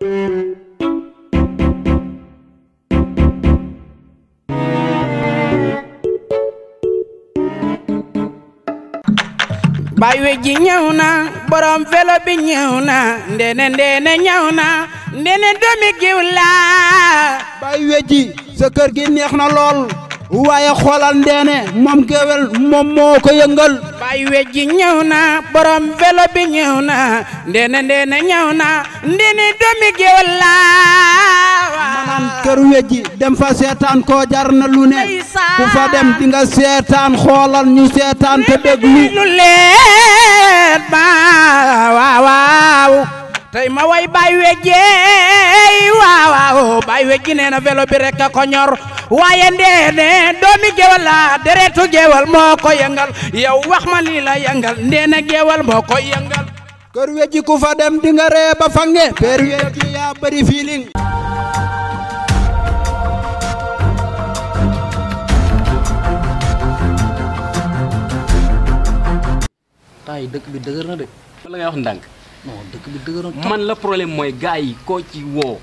bay weji ñëw na boroom vélo bi ñëw na ndene ndene ñëw na ndene doomi giw la bay weji sa kër gi neex na lool waaye xoolal ndeene moom géwél moom moo ko yëngal ay wejji ñëw na borom vélo bi ñëw na ndeena ndeena ñëw na ndini doomi géwël la manaan kër wejji dem fa seetaan ko na lu ne ku fa dem di seetaan xoolal ñu seetaan te déglu lu leet ba waaw waaw tey ma way bay wejjeey waawaaw bay wejji nee na vélo bi rek a ko ñor waaye ndeene doomi géwal la deretu géwal moo ko yëngal yow wax ma lii la yëngal ndeene géwal moo ko yëngal kër wejji ku fa dem dinga ree ba fange per wejji yaa bari feeling dëkk bi dëgër non dëkk bi dëgg man la problème mooy gars yi koo ci woo.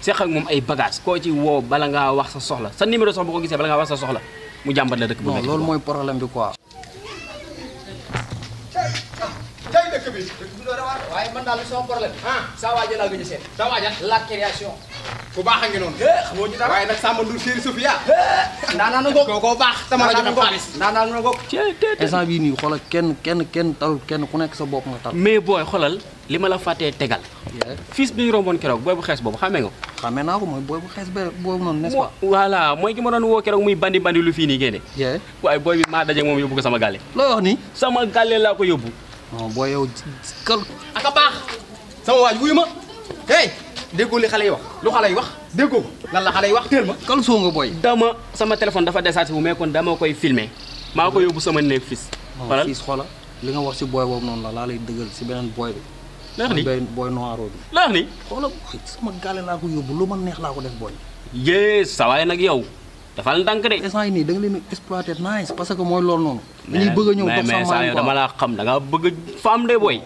seq moom ay bagage koo ci woo bala ngaa wax sa soxla sa numéro sax boo ko gisee bala ngaa wax sa soxla mu jàmbat la dëkk bu nekk. loolu mooy problème bi quoi. dëkk bi dëkk bi waaye man daal li bu baax a ngi noonu. Eh, xamoo ñu dara waaye nag Samba Ndour Chérie Sophia. Eh, ndaanaan na goog baax sama naa xaalis. ndaanaan na goog cee tee bii nii xoolal kenn kenn kenn talul kenn ku nekk sa bopp nga tal. mais booy xoolal li ma la fàttee tegal. fils bi ñu romboon keroog booy bu xees boobu xamee nga ko. xamee naa ko mooy booy bu xees boobu noonu n'est-ce pas. mooy ki ma doon woo keroog muy bandi bandi lu fii nii génne. waaye booy bi maa daje moom yóbbu ko sama gàlle. loo wax nii. sama gàlle laa ko yóbbu. non booy yow kal. ak a baax sama waaj wuyu ma déggoo li xale yi wax lu xale yi wax déggoo ko lan la xale yi wax teel ma. kan soo nga booy. dama sama téléphone dafa desaati bu mais kon dama koy filmer maa ko yóbbu sama néeg fis. faral fils xoola li nga wax si booy boobu noonu la laa lay dëggal si beneen booy bi. leex ni beneen booy noiro bi. leex ni xoola sama gàlle laa ko yóbbu lu ma neex laa ko def booy. yee sa waay nag yow. dafal ndànk de. instant nii da nga nice parce que mooy loolu noonu. dañuy bëgg a ñëw toog sama maay dama laa xam da nga bëgg femme de booy.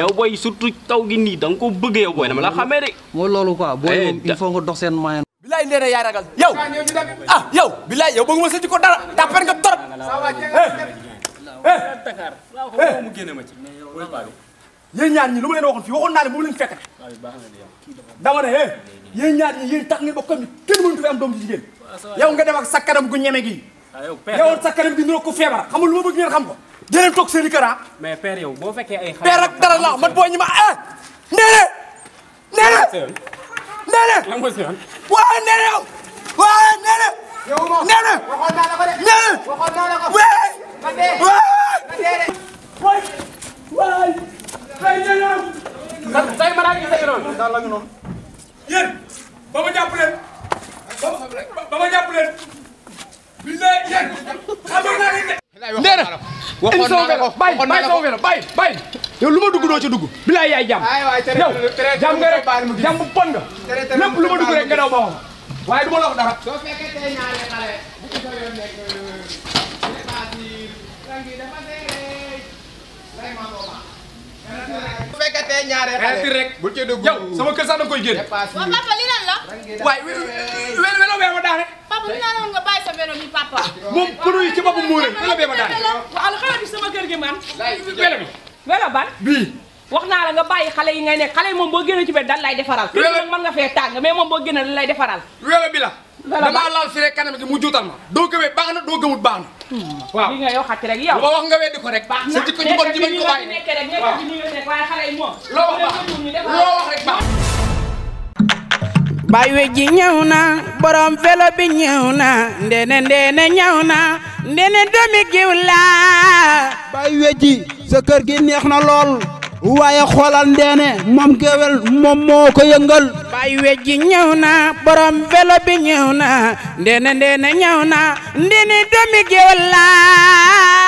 yow booy surtout taw gi nii da nga ko bëgg yow booy dama la xamee de. mooy loolu quoi booy eh, moom il faut nga dox seen maay. Ah, eh, eh, lu ma leen waxoon fii waxoon naa ne moom leen fekk dama ne yow nga dem ak sa kanam gu gi ah, yow sa kanam gi niroo ko feebar xamul lu ma bëgg ngeen xam ko jëreen toog seen i kara ah. mais boo fekkee ay dara la man boo ñu ma eh ndeene ndeene ndeene waaye ndeene yow waaye ndeene ndeene ndeene waay waay nee na indi sama vélo bàyyi bàyyi sama vélo bàyyi bàyyi yow lu ma dugg doo ca dugg bilaay yaay jàmm yow jàmm nga rek jàmm pon nga lépp lu ma dugg rek nga daw ba wax waaye du ma la wax dara bu fekkee tey ñaareel xale rek bu ci dugg yow sama kër sax da nga koy génn waaye moom pono yi ci boppam moo leen la bee ma daane. bi welo naa la nga bàyyi xale yi ngay nekk xale yi moom boo génnee ci benn dan lay defaral. welo kër mën nga fee tàng mais moom boo génnee dan lay defaral. welo bi la. damaa laal si rek kanam gi mu juutal ma. doo gëmee baax na doo gëmut baax na. Hmm. waaw li nga yow xati rek yow. loo wax nga weddi ko rek. baax na nekk bi ñu ko bàyyi waaw nekk bi ñu ko nekk waaye xale yi moom. loo wax baax loo wax rek baax bay wejji ñëw na borom vélo bi ñëw na ndene ndene ñëw na ndene doomi giw laa bay wejji sa kër gi neex na lool waaye xoolal ndeene moom géwél moom moo ko yëngal bay wejji ñëw na borom vélo bi ñëw na ndene ndene ñëw na ndene doomi giw laa